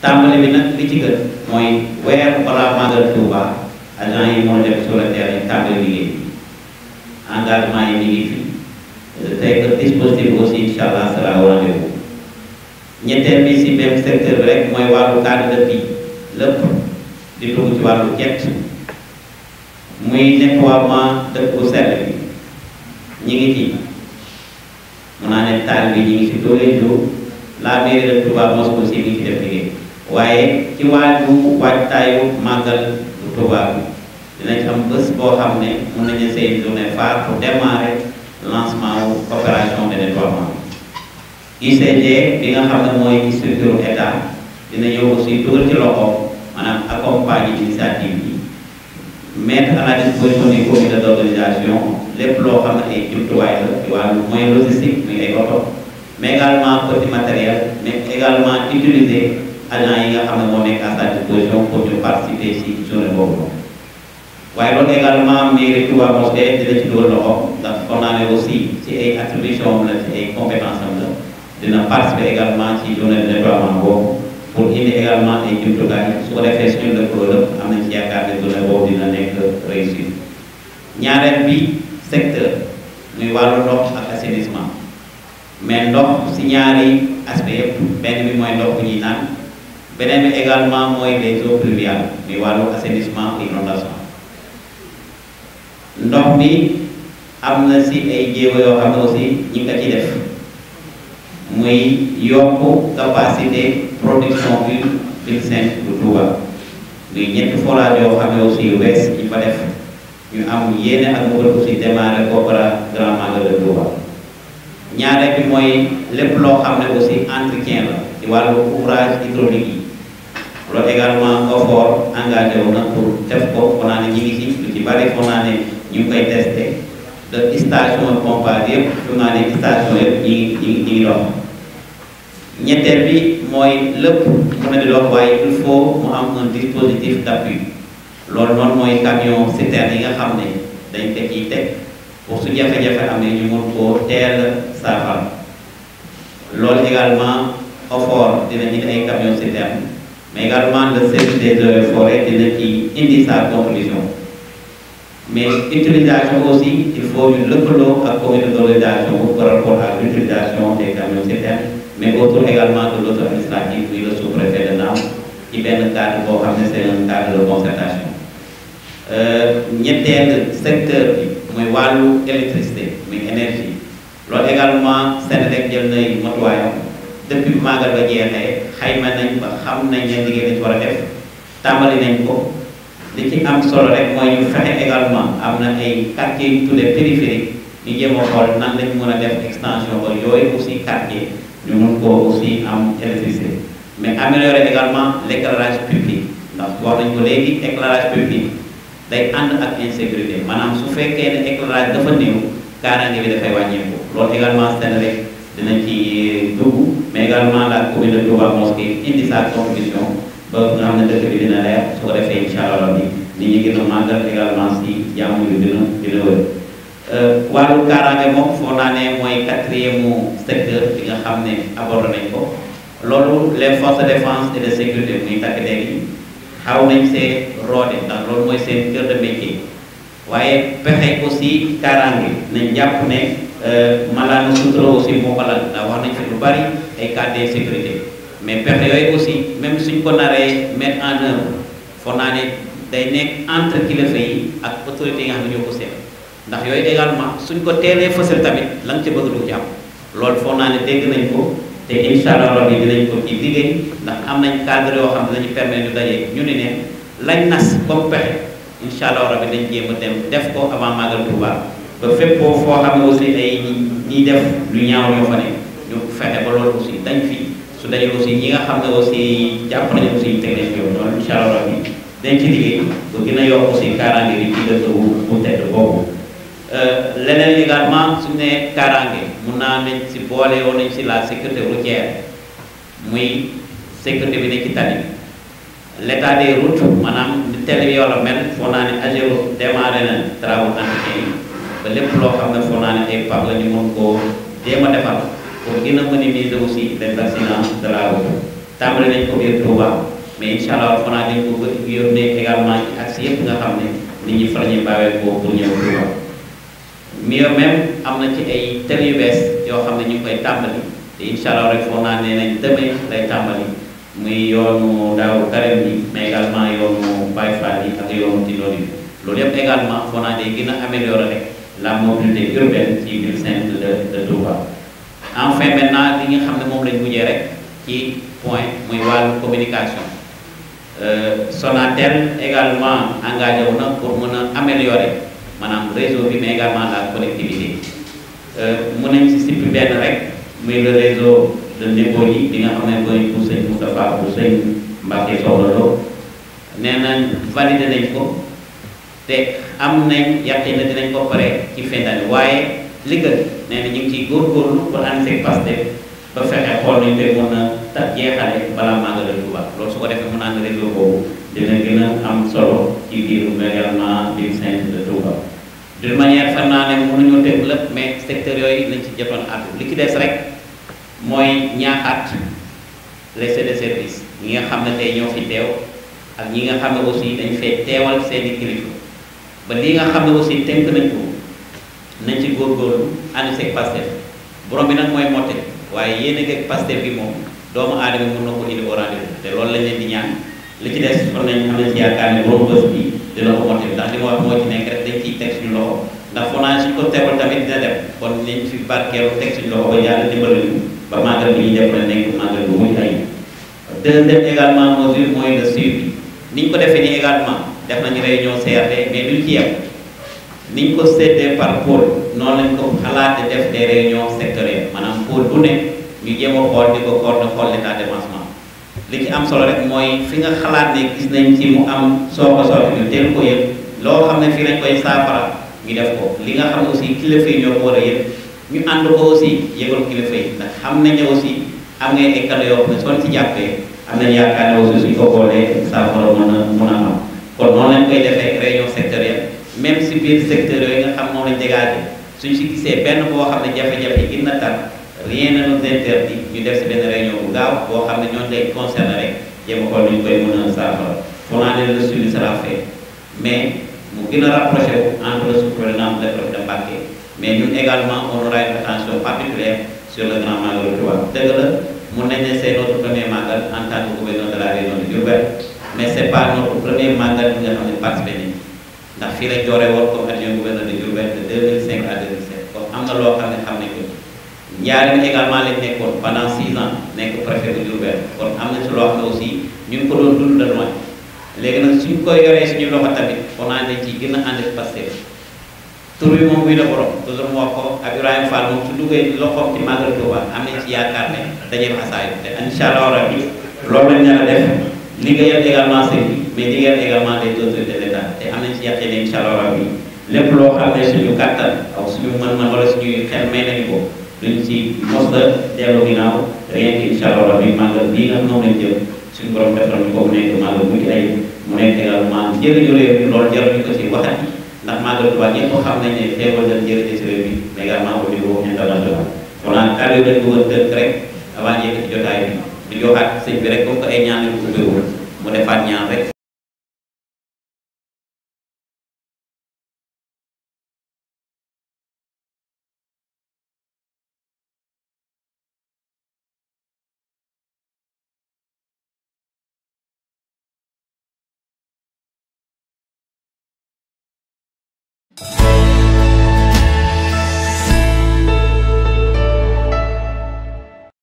tàmbali bi nag li ci gën mooy weer balaa màggal Tuuba agent yi moo dem sur le terrain tàmbali liggéey engagement yi ñu ngi fi tey que dispositif aussi incha allah sera au rendez-vous ñetteel bi si même secteur bi rek mooy wàllu cadre de vie lépp di dugg ci wàllu jet muy nettoiement dëkk bu sell bi ñi ngi ci mun naa ne taal bi ñi ngi ci tous les jours la mairie de Touba mosquée aussi mi ngi ci def liggéey waaye ci waaju waajtaayu màggal bu Tuubaa bi dinañ am bés boo xam ne mun nañu seen journée phare pour lancement wu de nettoiement UCG bi nga xam ne mooy structure état dina ñëw aussi dugal ci loxo maanaam accompagner initiative yi mettre à la disposition des comités d'organisation lépp loo xam ne ay jumtuwaay la ci wàllu moyen logistique muy ay oto mais également petit matériel mais également utiliser agent yi nga xam ne moo nekk à sa disposition pour ñu participer ci journée boobu waaye loolu également mairie Touba Mosquée dina ci dugal loxo ndax foog naa ne aussi ci ay attribution am la ci ay compétence am la dina participer également ci journée de nettoiement boobu pour indi également ay jumtukaay su ko defee suñu lëkkaloo lépp am nañ ci yaakaar ne journée boobu dina nekk réussite ñaareel bi secteur muy wàllu ndox ak assainissement mais ndox si ñaari aspect yëpp beneen bi également mooy les eaux pluviales muy wàllu assainissement inondation ndox mi am na si ay jéego yoo xam ne aussi ñi nga ci def muy yokk capacité production bi ville bu Touba muy ñetti forage yoo xam ne aussi yu bees fa def ñu am yéene ak mu aussi démarrer ko par Grand Magal de Touba ñaareel bi mooy lépp loo xam ne aussi entretien la ci wàllu ouvrage hydraulique yi loolu également OFOR engagé wu pour def ko xanaa ne ñu ñu ngi koy testé de station pompage yëpp su naa ne station yëpp ñu ngi ñu ngi ñetteel bi mooy lépp mu ne di dox waaye il faut mu am un dispositif d'appui loolu noonu mooy camion citerne yi nga xam ne dañ ko ciy teg pour su jafe-jafe amee ñu mun koo teel saafara loolu également OFOR dinañu ay camion citerne mais également le service des eaux et forêts dina ci indi sa conclusion mais utilisation aussi il faut ñu lëkkaloo ak comité d'organisation par rapport à l'utilisation des camions citernes mais autour également de l'autorité administrative muy le sous-préfet de Ndam ci benn cadre boo xam ne c'est un cadre de concertation ñetteel secteur bi muy wàllu électricité muy énergie loolu également Sénélec jël nay matuwaayam depuis màggal ba jeexee xayma nañ ba xam nañ ne liggéey lañ war a def tàmbali nañ ko li ci am solo rek mooy ñu fexe également am na ay quartier yu tuddee périphérique ñu jéem a xool nan lañ mën a def extension ba yooyu aussi quartier ñu mun koo aussi am électricité mais améliorer également l' éclairage public ndax wax nañ ko léegi éclairage public day ànd ak insécurité maanaam su fekkee ne éclairage dafa néew kaaraange bi dafay wàññeeku loolu également seen rek dinañ ci dugg mais également la commune de Touba Mosquée indi sa contribution ba nga xam ne dëkk bi dina leer su ko defee incha allah bi a màggal également si jàmm yu dina dina wër euh, wàllu kaaraange moom foo naa mooy quatrième secteur bi nga xam ne abordé nañ ko loolu les forces de défense et de sécurité muy takk der yi xaw nañ see roode ndax loolu mooy seen cœur de métier waaye pexe aussi kaaraange nañ jàpp ne Euh, malaanu sutura aussi moo ko ndax wax nañ fi lu bari ay cas sécurité mais pexe yooyu aussi même suñ ko naree mettre en œuvre foog naa ne day nekk entre kilifa yi ak autorités yi nga xam ne ko ndax yooyu également suñ ko teelee fësal tamit la nga ca bëgg du ci loolu foo naa ne dégg nañ ko te incha allah rabbi dinañ ko ci liggéey ndax am nañ cadre yoo xam ne dañu permettre ñu dajee ñu ne ne lañ nas comme pexe incha allah rabbi dañ jéem a dem def ko avant màggal ba fépp boo foo xam ne aussi ay ñiy def lu ñaaw ñoo fa ne ñu fexe ba loolu aussi dañ fi su dañu aussi ñi nga xam ne aussi jàpp nañu aussi ñu teg leen noonu incha allah bi dañ ci liggéey aussi kaaraange bi ci dëkk bu mu tedd boobu euh, si boole woon si la sécurité routière muy sécurité bi ne ci tali l' état des routes maanaam télé bi yow mel foo naa ne agéro démarré na travaux entretien yi ba lépp loo xam ne foo naa ne ay par la ñu mën koo jéem a defar pour gën a minimiser aussi les accidents de la route tàmbali nañ ko biir Touba mais incha foo naa ne nit ñi fa la ñuy bawee koo pour ñëw Touba mieux même am na ci ay tel yu bees yoo xam ne ñu ngi koy tàmbali te incha rek foo naa nee nañ demee lay tàmbali muy yoonu daaw Karim bi mais également yoonu Baye yi ak yoonu Tidone yi loolu yëpp également foo naa day gën a rek la mobilité urbaine ci ville sainte de de Touba. enfin maintenant li nga xam ne moom lañ mujjee rek ci point muy wàllu communication euh, Sonatel également engagé wu na pour mën a améliorer maanaam réseau bi mais également la collectivité mën nañ si sipp benn rek muy le réseau de Ndéboji bi nga xam ne mooy pour sëñ Moustapha pour sëñ Mbacke Soxla Lo nee nañ nañ ko. te am nañ yàqin na dinañ ko pare ci fin waaye li gën nee na ñu ngi ciy góorgóorlu pour ànd seeg ba fexe xool nañ koy mën a tab jeexale balaa màggal bu baax loolu su ko defee mën naa ne réseau boobu dina gën a am solo ci biiru également fan naa ne mënuñoo teg lépp mais secteurs yooyu lañ ci jotoon àddu li ci des rek mooy ñaaxaat laisser de service ñi nga xam ne tey ñoo fi teew ak ñi nga xam ne aussi dañ fee teewal seen i kilifa. ba lii nga xam ne aussi tënk nañ ko nañ ci góorgóorlu ànd seeg Pastef borom bi nag mooy motte waaye yéen a ngeeg Pastef bi moom doomu aadama mën na ko indi au te loolu lañ di ñaan li ci des war nañ am na ci yaakaar ne borom bés bi dina ko motte ndax li ma wax moo ci nekk dañ ciy teg suñu loxo ndax fonaa suñ ko tegal tamit dina dem kon nañ fi barkeelu teg suñu loxo ba yàlla dimbali ñu ba màggal bi ñu def na nekk màggal bu muy ko defee ni également def nañu réunion CRD mais duñ ci yem niñ ko seetee par pôle noonu lañ ko xalaat di def des réunions sectorielles maanaam pôle bu ne ñu jéem a xool di ko xool na xool l'état d'avancement li ci am solo rek mooy fi nga xalaat ne gis nañ ci mu am soo ko solo ñu teel ko yëg loo xam ne fii lañ koy saafara ñu def ko li nga xam ne aussi kilifa yi ñoo ko war ñu ànd ko aussi yëgal kilifa yi ndax xam nañ ne aussi am ngay ay yoo xam ne ci jàppee am nañ aussi suñ ko boolee saafara a mën a am kon noonu lañ koy defee réunion sectorielle même si biir secteur yooyu nga xam moom lañ dégagé suñ si gisee benn boo xam ne jafe-jafe yi na tam rien ne nous interdit ñu def si benn réunion bu boo xam ne ñooñu lay concerné rek jéem a xool ñu koy mën a saafara pour naa ne le suivi sera fait mais mu gën a rapproché wu entre le sous-président le préfet de Mbacké mais ñun également on aura une attention particulière sur le grand ne c'est notre premier magal en tant que gouverneur de la région mais c'est pas notre premier mandat nga xam ne participé nañ ndax fii la joore woon comme adjoint gouverneur de Diourbel de 2005 à 2007 kon am na loo xam ne xam nañ ko njaarim également lañ nekkoon pendant 6 nekk préfet bu Diourbel kon am na ci loo xam ne aussi ñu ko doon dund de léegi nag suñ ko yoree suñu loxo tamit on a ci gën a ànd Pastef tur bi moom buy la borom toujours wax ko ak Ibrahima moom su duggee loxoom liggéeyal également sëñ bi mais liggéeyal également les autorités de l'État te am nañ ci ne incha allah bi lépp loo xam ne suñu kàttan aw suñu mën-mën wala suñuy xel may nañu ko duñ si mos a dellu ginnaaw rien que incha bi màggal bii nga moom lañ jëm suñu borom defal ñu ko mu nekk màggal mu ngi ay mu nekk également njëriñu réew mi loolu jaruñu ko si waxat yi ndax màggal Tuubaa ñëpp xam nañ ne teewal nañ njëriñu si réew mi mais également au niveau international. on a carrément bëgg a dëkk rek avant yëkkati di joxaat sëñ bi rek comme que ay ñaan yu ko wéeru mu defaat ñaan rek